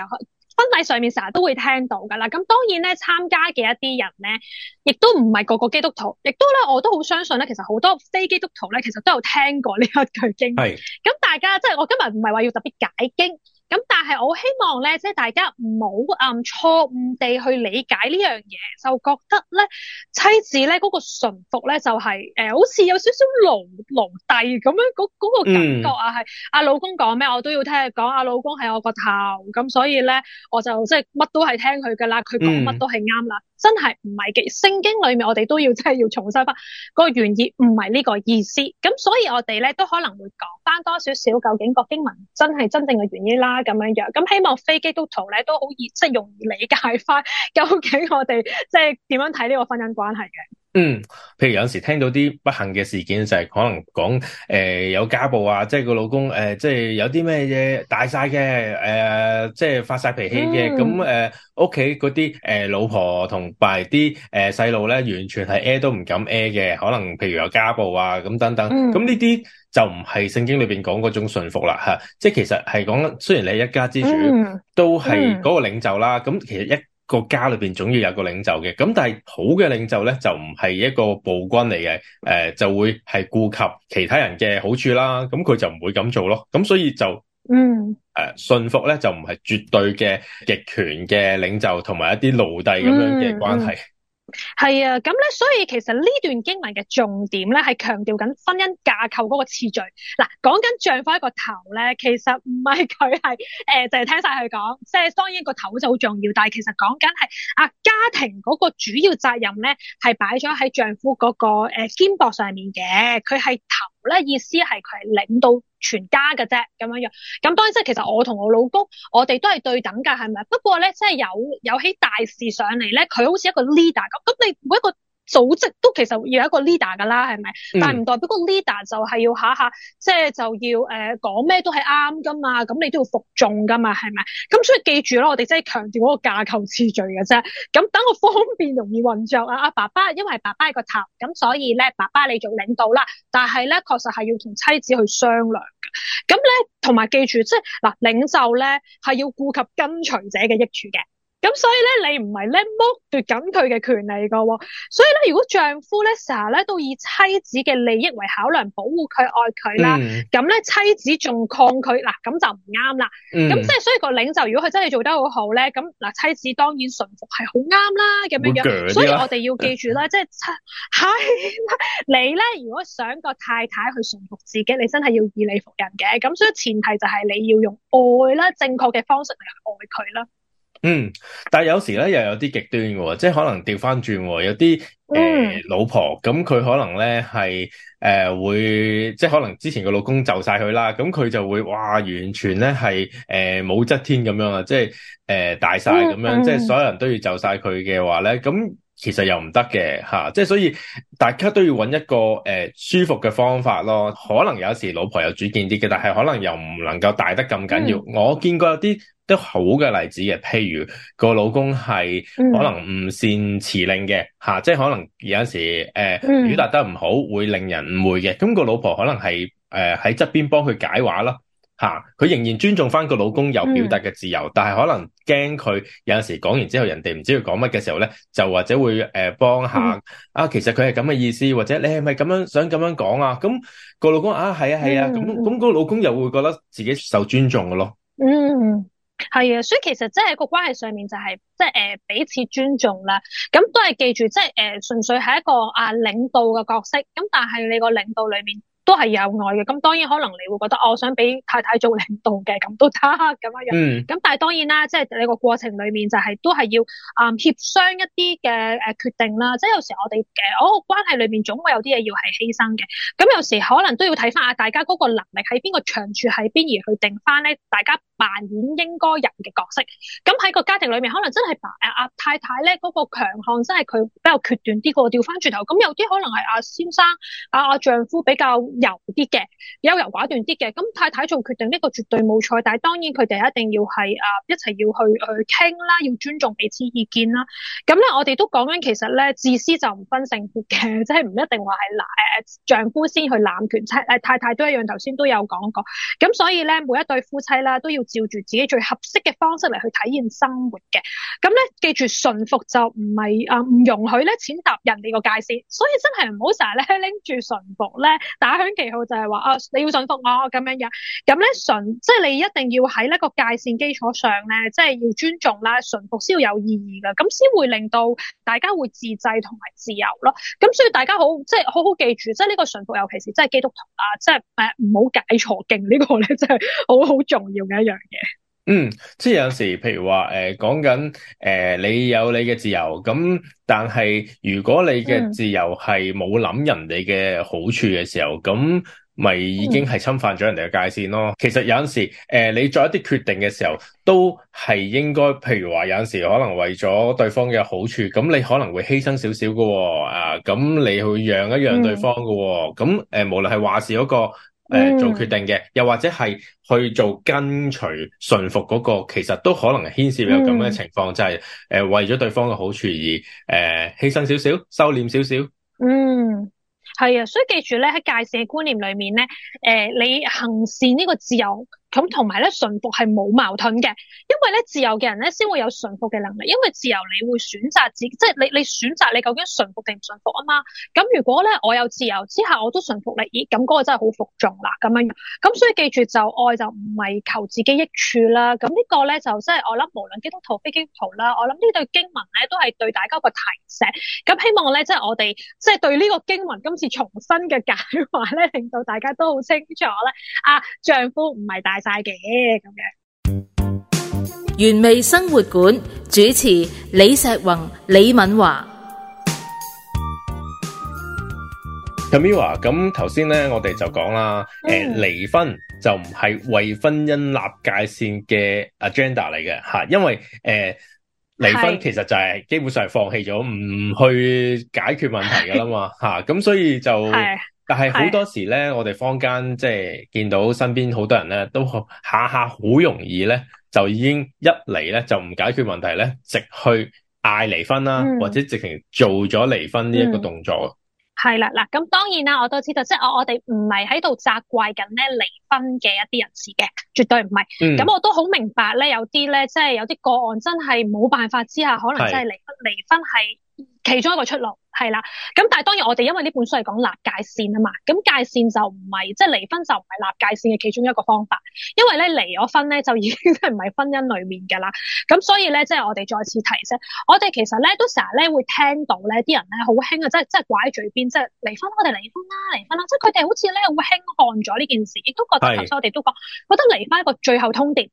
婚禮上面，成日都會聽到噶啦。咁當然咧，參加嘅一啲人咧，亦都唔係個個基督徒，亦都咧我都好相信咧，其實好多非基督徒咧，其實都有聽過呢一句經。係。咁大家即係我今日唔係話要特別解經。咁但係我希望咧，即係大家唔好暗錯誤地去理解呢樣嘢，就覺得咧妻子咧嗰個順服咧就係、是、誒、呃，好似有少少奴奴隸，咁樣嗰個感覺啊，係、嗯、阿老公講咩我都要聽佢講，阿老公係我個頭，咁所以咧我就即係乜都係聽佢噶啦，佢講乜都係啱啦，真係唔係嘅。聖經裏面我哋都要真係要重修翻、嗰個原意，唔係呢個意思。咁所以我哋咧都可能會講翻多少少，究竟個經文真係真正嘅原意啦。咁樣樣，咁希望非基督徒咧，都好易，即係容易理解翻，究竟我哋即係點樣睇呢個婚姻關係嘅？嗯，譬如有時聽到啲不幸嘅事件，就係、是、可能講誒、呃、有家暴啊，即係個老公誒、呃，即係有啲咩嘢大晒嘅，誒、呃，即係發晒脾氣嘅，咁、嗯、誒，屋企嗰啲誒老婆同埋啲誒細路咧，完全係 a、呃、都唔敢 a、呃、嘅，可能譬如有家暴啊，咁等等，咁呢啲。就唔係聖經裏面講嗰種順服啦、啊，即其實係講，雖然你係一家之主，嗯嗯、都係嗰個領袖啦。咁其實一個家裏面總要有個領袖嘅。咁但係好嘅領袖咧，就唔係一個暴君嚟嘅。誒、呃，就會係顧及其他人嘅好處啦。咁佢就唔會咁做咯。咁所以就，嗯，誒、呃，順服咧就唔係絕對嘅極權嘅領袖，同埋一啲奴隸咁樣嘅關係。嗯嗯。係啊，咁咧，所以其實呢段經文嘅重點咧，係強調緊婚姻架構嗰個次序。嗱，講緊丈夫一個頭咧，其實唔係佢係誒，就、呃、係聽晒佢講，即係當然個頭就好重要。但係其實講緊係啊，家庭嗰個主要責任咧，係擺咗喺丈夫嗰個誒肩膊上面嘅，佢係頭。咧意思係佢係領導全家嘅啫，咁樣樣。咁當然即係，其實我同我老公，我哋都係對等噶，係咪？不過咧，即係有有起大事上嚟咧，佢好似一個 leader 咁。咁你每一個。組織都其實要有一個 leader 噶啦，係咪？嗯、但係唔代表個 leader 就係要下下即係就要要誒講咩都係啱噶嘛，咁你都要服眾噶嘛，係咪？咁所以記住咯，我哋真係強調嗰個架構次序嘅啫。咁等我方便容易運作啊！阿爸爸因為爸爸係個頭，咁所以咧爸爸你做領導啦，但係咧確實係要同妻子去商量嘅。咁咧同埋記住，即係嗱，領袖咧係要顧及跟隨者嘅益處嘅。咁所以咧，你唔係咧剝奪緊佢嘅權利噶喎。所以咧，如果丈夫咧成日咧都以妻子嘅利益為考量，保護佢愛佢啦，咁、嗯、咧妻子仲抗拒嗱，咁就唔啱啦。咁即係，所以個領袖如果佢真係做得好好咧，咁嗱，妻子當然順服係好啱啦。咁樣樣，所以我哋要記住啦，即係係你咧，如果想個太太去順服自己，你真係要以你服人嘅。咁所以前提就係你要用愛啦，正確嘅方式嚟去愛佢啦。嗯，但係有時咧又有啲極端嘅，即係可能調翻轉，有啲誒、呃嗯、老婆咁，佢可能咧係誒會，即係可能之前個老公就曬佢啦，咁佢就會哇完全咧係誒武則天咁樣啊，即係誒、呃、大曬咁樣，嗯嗯、即係所有人都要就曬佢嘅話咧，咁其實又唔得嘅吓，即係所以大家都要揾一個誒、呃、舒服嘅方法咯。可能有時老婆有主見啲嘅，但係可能又唔能夠大得咁緊要、嗯。我見過有啲。都好嘅例子嘅，譬如個老公係可能唔善辭令嘅，吓、嗯啊，即係可能有陣時誒表達得唔好，會令人誤會嘅。咁、個老婆可能係誒喺側邊幫佢解話啦，吓、啊，佢仍然尊重翻個老公有表達嘅自由，嗯、但係可能驚佢有陣時講完之後，人哋唔知佢講乜嘅時候咧，就或者會誒幫、呃、下啊，其實佢係咁嘅意思，或者你係咪咁樣想咁樣講啊？咁、個老公啊係啊係啊，咁咁、啊啊啊嗯個老公又會覺得自己受尊重嘅咯，嗯。嗯係啊，所以其實即係一個關係上面就係即係誒彼此尊重啦，咁都係記住即係誒純粹係一個啊領導嘅角色，咁但係你個領導裏面，都係有愛嘅，咁當然可能你會覺得，哦、我想俾太太做領導嘅，咁都得咁樣咁、嗯、但係當然啦，即係你個過程裏面就係、是、都係要啊、嗯、協商一啲嘅誒決定啦。即、就、係、是、有時我哋嘅嗰個關係裏面總會有啲嘢要係犧牲嘅。咁有時可能都要睇翻啊大家嗰個能力喺邊個長處喺邊而去定翻咧，大家扮演應該人嘅角色。咁喺個家庭裏面可能真係啊阿太太咧嗰、那個強項真係佢比較決斷啲、那個調翻轉頭咁有啲可能係阿、啊、先生啊阿、啊、丈夫比較。柔啲嘅，優柔寡斷啲嘅，咁太太做決定呢個絕對冇錯，但係當然佢哋一定要係啊一齊要去去傾啦，要尊重彼此意見啦。咁咧我哋都講緊其實咧自私就唔分性別嘅，即係唔一定話係男丈夫先去攬權，太太都一樣。頭先都有講過，咁所以咧每一對夫妻啦都要照住自己最合適嘅方式嚟去體驗生活嘅。咁咧記住順服就唔係啊唔容許咧踐踏人哋個界線，所以真係唔好成日咧拎住順服咧打。張旗號就係話啊，你要順服我咁樣、啊、樣，咁咧即係你一定要喺呢個界線基礎上咧，即係要尊重啦，順服先要有意義㗎，咁先會令到大家會自制同埋自由咯。咁所以大家好，即係好好記住，即係呢個順服，尤其是即係基督徒啊，即係唔好解錯經、這個、呢個咧，即係好好重要嘅一樣嘢。嗯，即係有時，譬如話誒，講緊誒，你有你嘅自由，咁但係如果你嘅自由係冇諗人哋嘅好處嘅時候，咁、嗯、咪已經係侵犯咗人哋嘅界線咯。嗯、其實有陣時，誒、呃，你做一啲決定嘅時候，都係應該，譬如話有陣時可能為咗對方嘅好處，咁你可能會犧牲少少㗎啊，咁你會讓一讓對方噶、哦，咁、嗯、誒、呃，無論係話事嗰、那個。誒、呃，做決定嘅，又或者係去做跟隨、順服嗰、那個，其實都可能牽涉有咁嘅情況、嗯，就係、是、誒、呃、為咗對方嘅好處而誒犧、呃、牲少少、收斂少少。嗯，係啊，所以記住咧，喺界線觀念裏面咧，誒、呃、你行善呢個自由。咁同埋咧，順服係冇矛盾嘅，因為咧自由嘅人咧先會有順服嘅能力，因為自由你會選擇自己，即係你你選擇你究竟順服定唔順服啊嘛。咁如果咧我有自由之下我都順服你，咦，咁嗰個真係好服眾啦咁樣。咁所以記住就愛就唔係求自己益處啦。咁呢個咧就即係我諗無論基督徒非基督徒啦，我諗呢對經文咧都係對大家個提醒。咁希望咧即係我哋即係對呢個經文今次重新嘅解話咧，令到大家都好清楚咧。啊丈夫唔係大晒嘅咁樣，原味生活館主持李碩宏、李敏華。Camila，咁頭先咧，我哋就講啦，誒、嗯，離、呃、婚就唔係為婚姻立界線嘅 agenda 嚟嘅吓，因為誒離、呃、婚其實就係基本上係放棄咗唔去解決問題噶啦嘛吓，咁、啊、所以就。但係好多時咧，我哋坊間即係見到身邊好多人咧，都下下好容易咧，就已經一嚟咧就唔解決問題咧，直去嗌離婚啦、嗯，或者直情做咗離婚呢一個動作。係、嗯、啦，嗱，咁當然啦，我都知道，即、就、係、是、我我哋唔係喺度責怪緊咧離婚嘅一啲人士嘅，絕對唔係。咁、嗯、我都好明白咧，有啲咧即係有啲個案真係冇辦法之下，可能真係離婚，離婚係其中一個出路係啦，咁但係當然我哋因為呢本書係講立界線啊嘛，咁界線就唔係即係離婚就唔係立界線嘅其中一個方法，因為咧離咗婚咧就已經唔係婚姻裏面噶啦，咁所以咧即係我哋再次提醒，我哋其實咧都成日咧會聽到咧啲人咧好興啊，即係即係掛喺嘴邊，即係離婚我哋離婚啦，離婚啦，即係佢哋好似咧會輕看咗呢件事，亦都覺得頭先我哋都講，覺得離返一個最後通牒，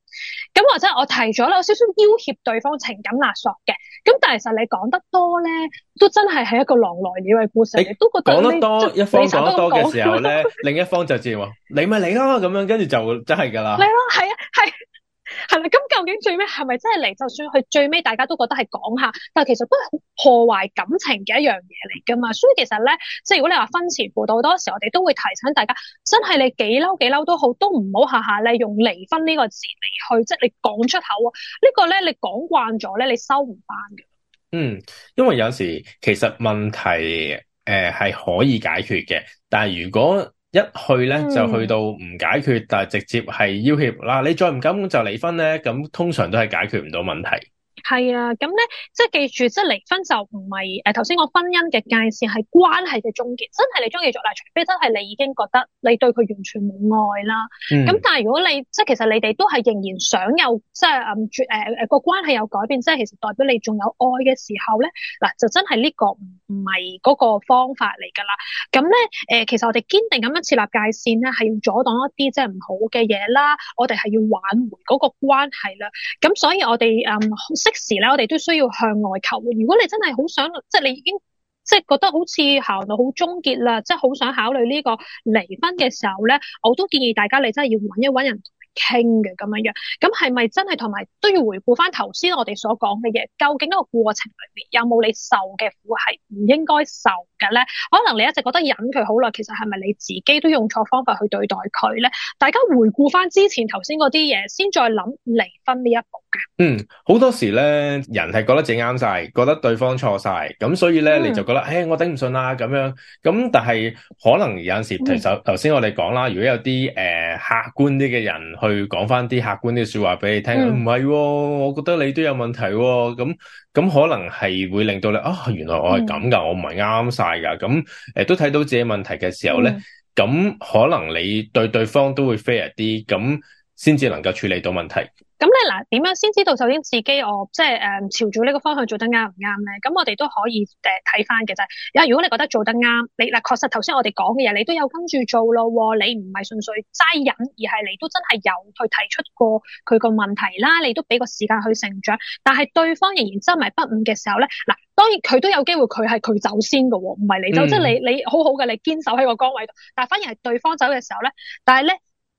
咁或者我提咗咧有少少要挾對方情感勒索嘅，咁但係其實你講得多咧。都真係係一個狼來咗嘅故事，你你都覺得講得多，一方講得多嘅時候咧， 另一方就知道 你就然你咪你咯咁樣，跟住就真係噶啦。你咯，係啊，係係咪？咁、啊、究竟最尾係咪真係嚟？就算佢最尾大家都覺得係講下，但係其實都係破壞感情嘅一樣嘢嚟噶嘛。所以其實咧，即係如果你話婚前輔導，好多時我哋都會提醒大家，真係你幾嬲幾嬲都好，都唔好下下利用離婚呢個字嚟去，即、就、係、是、你講出口、這個、呢個咧，你講慣咗咧，你收唔翻嘅。嗯，因為有時其實問題誒係、呃、可以解決嘅，但係如果一去咧、嗯、就去到唔解決，但係直接係要挾嗱、啊，你再唔敢就離婚咧，咁通常都係解決唔到問題。係啊，咁咧即係記住，即係離婚就唔係誒，頭先我婚姻嘅界線係關係嘅終結，真係你鍾意做啦，除非真係你已經覺得你對佢完全冇愛啦。咁、嗯、但係如果你即係其實你哋都係仍然想有即係誒誒個關係有改變，即係其實代表你仲有愛嘅時候咧，嗱就真係呢個唔係係嗰個方法嚟噶啦。咁咧誒，其實我哋堅定咁樣設立界線咧，係要阻擋一啲即係唔好嘅嘢啦，我哋係要挽回嗰個關係啦。咁所以我哋誒、嗯時咧，我哋都需要向外求。如果你真係好想，即係你已經即係覺得好似行到好終結啦，即係好想考慮呢個離婚嘅時候咧，我都建議大家你真係要搵一搵人同你傾嘅咁樣樣。咁係咪真係同埋都要回顧翻，頭先我哋所講嘅嘢？究竟呢個過程裏面有冇你受嘅苦係唔應該受嘅咧？可能你一直覺得忍佢好耐，其實係咪你自己都用錯方法去對待佢咧？大家回顧翻之前頭先嗰啲嘢，先再諗離婚呢一步。嗯，好多時咧，人係覺得自己啱晒，覺得對方錯晒，咁所以咧，你就覺得誒、嗯欸，我頂唔順啦，咁樣，咁但係可能有陣時，頭先我哋講啦，如果有啲誒、呃、客觀啲嘅人去講翻啲客觀啲嘅說話俾你聽，唔、嗯、係、哦，我覺得你都有問題、哦，咁咁可能係會令到你啊，原來我係咁噶，我唔係啱晒噶，咁誒、呃、都睇到自己問題嘅時候咧，咁、嗯、可能你對對方都會 fair 啲，咁先至能夠處理到問題。咁咧嗱，點樣先知道首先自己我即係誒朝住呢個方向做得啱唔啱咧？咁我哋都可以誒睇翻嘅就係如果你覺得做得啱，你嗱確實頭先我哋講嘅嘢，你都有跟住做咯喎。你唔係純粹齋忍而係你都真係有去提出過佢個問題啦。你都俾個時間去成長，但係對方仍然執迷不悟嘅時候咧，嗱當然佢都有機會佢係佢走先㗎喎，唔係你走，嗯、即係你你好好嘅，你堅守喺個崗位度，但係反而係對方走嘅時候咧，但係咧。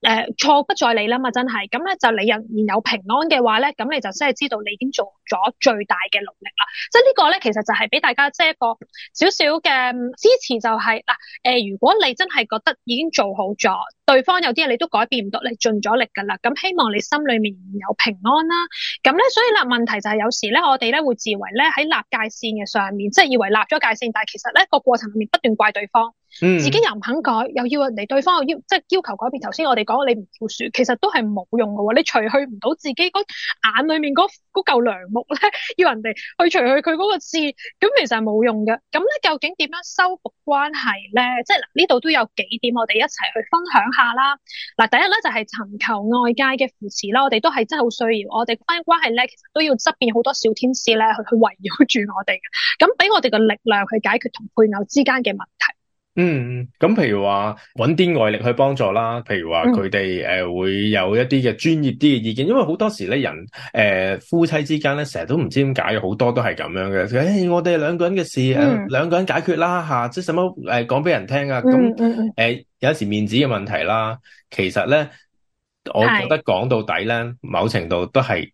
誒、呃，錯不在你啦嘛，真係，咁咧就你若然有平安嘅話咧，咁你就真係知道你已經做咗最大嘅努力啦。即係呢個咧，其實就係俾大家即係一個少少嘅支持、就是，就係嗱，誒、呃，如果你真係覺得已經做好咗，對方有啲嘢你都改變唔到，你盡咗力噶啦。咁希望你心裏面有平安啦。咁咧，所以嗱，問題就係有時咧，我哋咧會自為咧喺立界綫嘅上面，即、就、係、是、以為立咗界綫，但係其實咧、那個過程裏面不斷怪對方。嗯，自己又唔肯改，又要人哋對方又要即係要求改變。頭先我哋講你唔要說，其實都係冇用嘅。你除去唔到自己嗰眼裏面嗰嗰嚿梁木咧，要人哋去除去佢嗰個刺，咁其實係冇用嘅。咁咧究竟點樣修復關係咧？即係嗱，呢度都有幾點，我哋一齊去分享下啦。嗱，第一咧就係尋求外界嘅扶持啦。我哋都係真係好需要，我哋關關係咧，其實都要側邊好多小天使咧去去圍繞住我哋嘅，咁俾我哋嘅力量去解決同配偶之間嘅問題。嗯，咁譬如話揾啲外力去幫助啦，譬如話佢哋誒會有一啲嘅專業啲嘅意見，因為好多時咧人誒、呃、夫妻之間咧成日都唔知點解，好多都係咁樣嘅。誒、哎，我哋兩個人嘅事，兩、嗯啊、個人解決啦吓、啊，即係使乜誒講俾人聽啊，咁、嗯、誒、嗯嗯呃、有時面子嘅問題啦，其實咧我覺得講到底咧，某程度都係。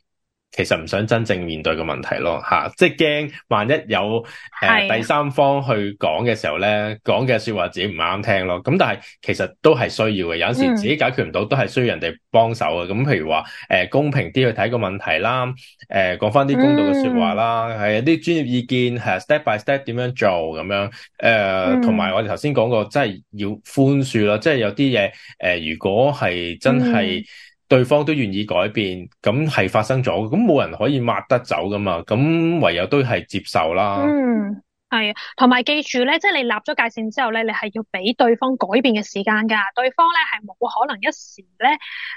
其實唔想真正面對個問題咯，吓、啊，即係驚萬一有誒、呃、第三方去講嘅時候咧，講嘅說話自己唔啱聽咯。咁但係其實都係需要嘅，有陣時自己解決唔到、嗯、都係需要人哋幫手。咁譬如話誒、呃、公平啲去睇個問題啦，誒講翻啲公道嘅說話啦，係、嗯、有啲專業意見，係 step by step 點樣做咁樣。誒、呃，同、嗯、埋我哋頭先講過，真係要寬恕啦，即係有啲嘢誒，如果係真係、嗯。對方都願意改變，咁係發生咗，咁冇人可以抹得走噶嘛，咁唯有都係接受啦。嗯，係，同埋記住咧，即係你立咗界線之後咧，你係要俾對方改變嘅時間噶，對方咧係冇可能一時咧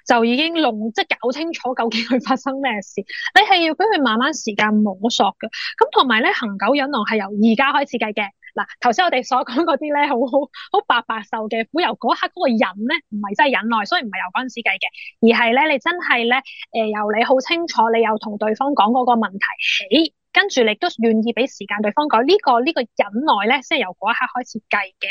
就已經弄即係搞清楚究竟佢發生咩事，你係要俾佢慢慢時間摸索嘅。咁同埋咧，恆久引狼係由而家開始計嘅。嗱，頭先我哋所講嗰啲咧，好好好白白受嘅苦，由嗰一刻嗰個忍咧，唔係真係忍耐，所以唔係由嗰陣時計嘅，而係咧你真係咧，誒由你好清楚，你又同對方講嗰個問題起，跟住你都願意俾時間對方講呢個呢個忍耐咧，先係由嗰一刻開始計嘅。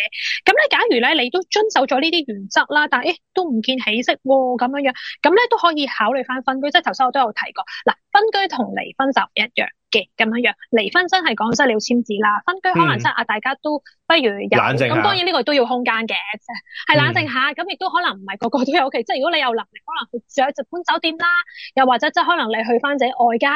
咁咧，假如咧你都遵守咗呢啲原則啦，但係、欸、都唔見起色喎咁樣樣，咁咧都可以考慮翻分居，即係頭先我都有提過。嗱，分居同離婚就一樣。嘅咁樣樣，離婚真係講真你要簽字啦，分居可能真係啊，大家都不如有、嗯、冷靜。咁當然呢個都要空間嘅，即、嗯、係冷靜下。咁亦都可能唔係個個都有嘅、嗯，即係如果你有能力，可能去住喺直搬酒店啦，又或者即係可能你去翻自己外家，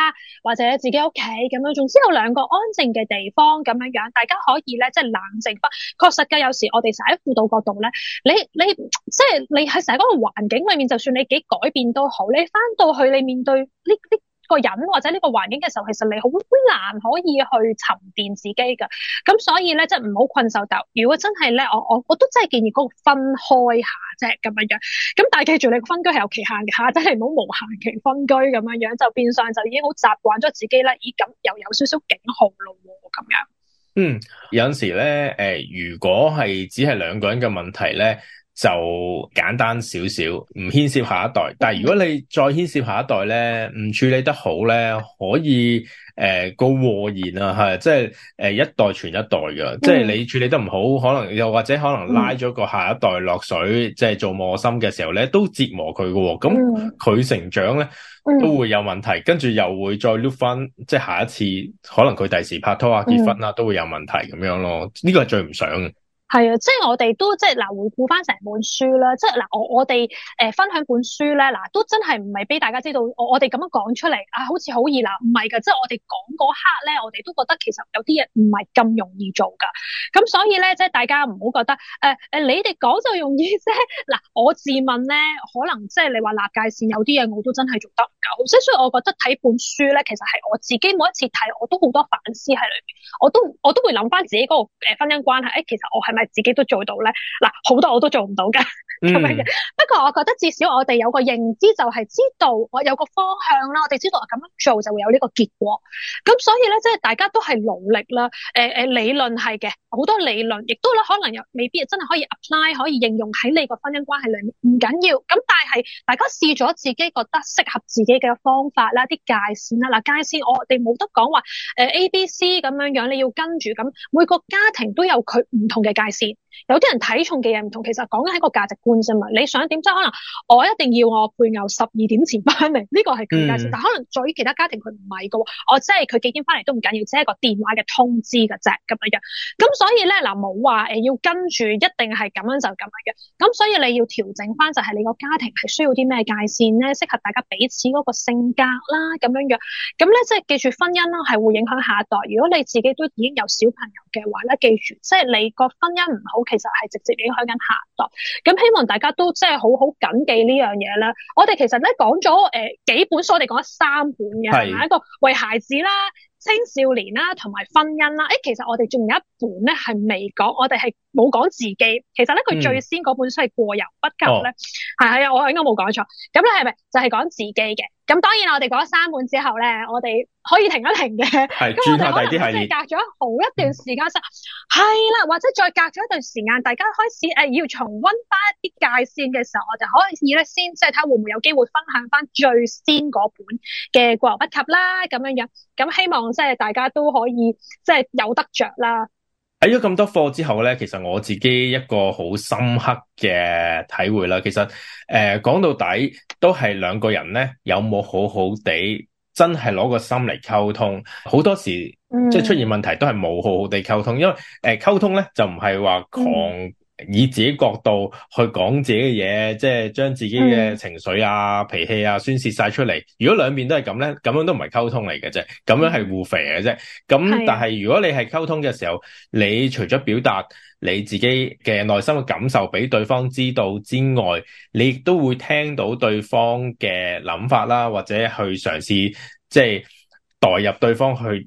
或者自己屋企咁樣，總之有兩個安靜嘅地方咁樣樣，大家可以咧即係冷靜翻。確實嘅，有時我哋成日喺輔導角度咧，你你即係你喺成日嗰個環境裏面，就算你幾改變都好，你翻到去你面對呢呢。個人或者呢個環境嘅時候，其實你好難可以去沉澱自己㗎。咁所以咧，即係唔好困獸鬥。但如果真係咧，我我我都真係建議嗰個分開下啫咁樣。咁但係記住你，你分居係有期限嘅嚇，真係唔好無限期分居咁樣，就變相就已經好習慣咗自己咧。咦咁又有少少警號咯咁樣。嗯，有陣時咧，呃，如果係只係兩個人嘅問題咧。就簡單少少，唔牽涉下一代。但係如果你再牽涉下一代咧，唔處理得好咧，可以誒個禍延啊，係即係誒一代傳一代㗎，即、嗯、係、就是、你處理得唔好，可能又或者可能拉咗個下一代落水，即、就、係、是、做磨心嘅時候咧，都折磨佢喎、啊。咁佢成長咧都會有問題，跟住又會再碌翻，即、就、係、是、下一次可能佢第時拍拖啊、結婚啊、嗯、都會有問題咁樣咯。呢個係最唔想嘅。係啊，即係我哋都即係嗱，回顧翻成本書啦，即係嗱、啊，我我哋誒、呃、分享本書咧，嗱、啊、都真係唔係俾大家知道，我我哋咁樣講出嚟啊，好似好易啦，唔係噶，即係我哋講嗰刻咧，我哋都覺得其實有啲嘢唔係咁容易做噶，咁所以咧，即係大家唔好覺得誒誒、呃，你哋講就容易啫，嗱、啊，我自問咧，可能即係你話立界線，有啲嘢我都真係做得唔夠，即係所以我覺得睇本書咧，其實係我自己每一次睇，我都好多反思喺裏邊，我都我都會諗翻自己嗰個誒婚姻關係，誒、欸，其實我係。係自己都做到咧，嗱，好多我都做唔到噶，咁樣嘅。不過我覺得至少我哋有個認知，就係知道我有個方向啦，我哋知道啊，咁樣做就會有呢個結果。咁所以咧，即係大家都係努力啦。誒、呃、誒理論係嘅，好多理論亦都咧可能又未必真係可以 apply 可以應用喺你個婚姻關係裏面。唔緊要，咁但係大家試咗自己覺得適合自己嘅方法啦，啲界線啦，嗱，界線我哋冇得講話誒 A、B、呃、C 咁樣樣，你要跟住咁，每個家庭都有佢唔同嘅界。界線，有啲人睇重嘅嘢唔同，其實講緊係個價值觀啫嘛。你想點，即係可能我一定要我配偶十二點前翻嚟，呢個係咁界線。但可能在於其他家庭佢唔係嘅，我即係佢幾點翻嚟都唔緊要，只係個電話嘅通知嘅啫咁樣樣。咁所以咧嗱，冇話誒要跟住一定係咁樣就咁樣嘅。咁所以你要調整翻就係你個家庭係需要啲咩界線咧，適合大家彼此嗰個性格啦咁樣樣。咁咧即係記住婚姻啦係會影響下一代。如果你自己都已經有小朋友嘅話咧，記住即係你個婚姻。因唔好，其實係直接影響緊下代。咁希望大家都即係好好謹記呢樣嘢啦。我哋其實咧講咗誒幾本書，我哋講咗三本嘅，係一個為孩子啦、青少年啦同埋婚姻啦。誒、欸，其實我哋仲有一本咧係未講，我哋係冇講自己。其實咧佢最先嗰本書係過猶不及咧，係，係啊，我應該冇講錯。咁你係咪就係講自己嘅？咁當然，我哋講咗三本之後咧，我哋可以停一停嘅。係，咁我哋可能即係隔咗好一段時間先，係啦，或者再隔咗一段時間，大家開始誒、呃、要重溫翻一啲界線嘅時候，我就可以試咧先，即係睇會唔會有機會分享翻最先嗰本嘅《過猶不及》啦，咁樣樣。咁希望即係大家都可以即係、就是、有得着啦。睇咗咁多課之後咧，其實我自己一個好深刻嘅體會啦。其實誒、呃，講到底都係兩個人咧，有冇好好地真係攞個心嚟溝通？好多時、嗯、即係出現問題都係冇好好地溝通，因為誒、呃、溝通咧就唔係話狂。嗯。以自己角度去講自己嘅嘢，即係將自己嘅情緒啊、嗯、脾氣啊宣洩晒出嚟。如果兩邊都係咁咧，咁樣都唔係溝通嚟嘅啫，咁樣係互肥嘅啫。咁但係如果你係溝通嘅時候，你除咗表達你自己嘅內心嘅感受俾對方知道之外，你亦都會聽到對方嘅諗法啦，或者去嘗試即係代入對方去。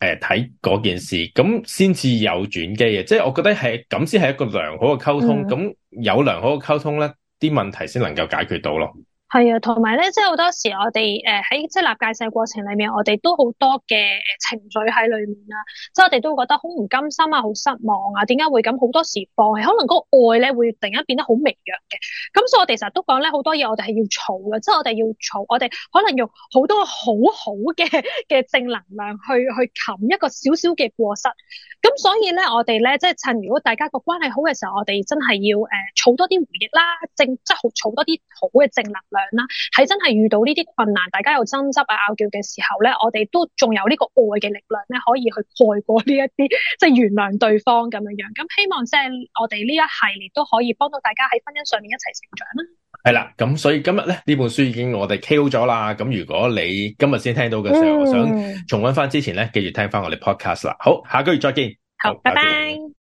誒，睇嗰件事，咁先至有轉機嘅，即係我覺得係咁先係一個良好嘅溝通，咁、嗯、有良好嘅溝通咧，啲問題先能夠解決到咯。係啊，同埋咧，即係好多時我哋誒喺即係立界線過程裏面，我哋都好多嘅情緒喺裏面啊。即係我哋都會覺得好唔甘心啊，好失望啊，點解會咁？好多時放棄，可能個愛咧會突然間變得好微弱嘅。咁所以我哋成日都講咧，好多嘢我哋係要儲嘅，即係我哋要儲我哋可能用好多好好嘅嘅正能量去去冚一個少少嘅過失。咁所以咧，我哋咧即係趁如果大家個關係好嘅時候，我哋真係要誒儲多啲回憶啦，正即係好儲多啲好嘅正能量。啦喺真係遇到呢啲困難，大家又爭執啊、拗撬嘅時候咧，我哋都仲有呢個愛嘅力量咧，可以去蓋過呢一啲即係原諒對方咁樣樣。咁希望即係我哋呢一系列都可以幫到大家喺婚姻上面一齊成長啦。係啦，咁所以今日咧呢這本書已經我哋 k 咗啦。咁如果你今日先聽到嘅時候，嗯，我想重溫翻之前咧，記住聽翻我哋 podcast 啦。好，下個月再見，好，拜拜。Bye bye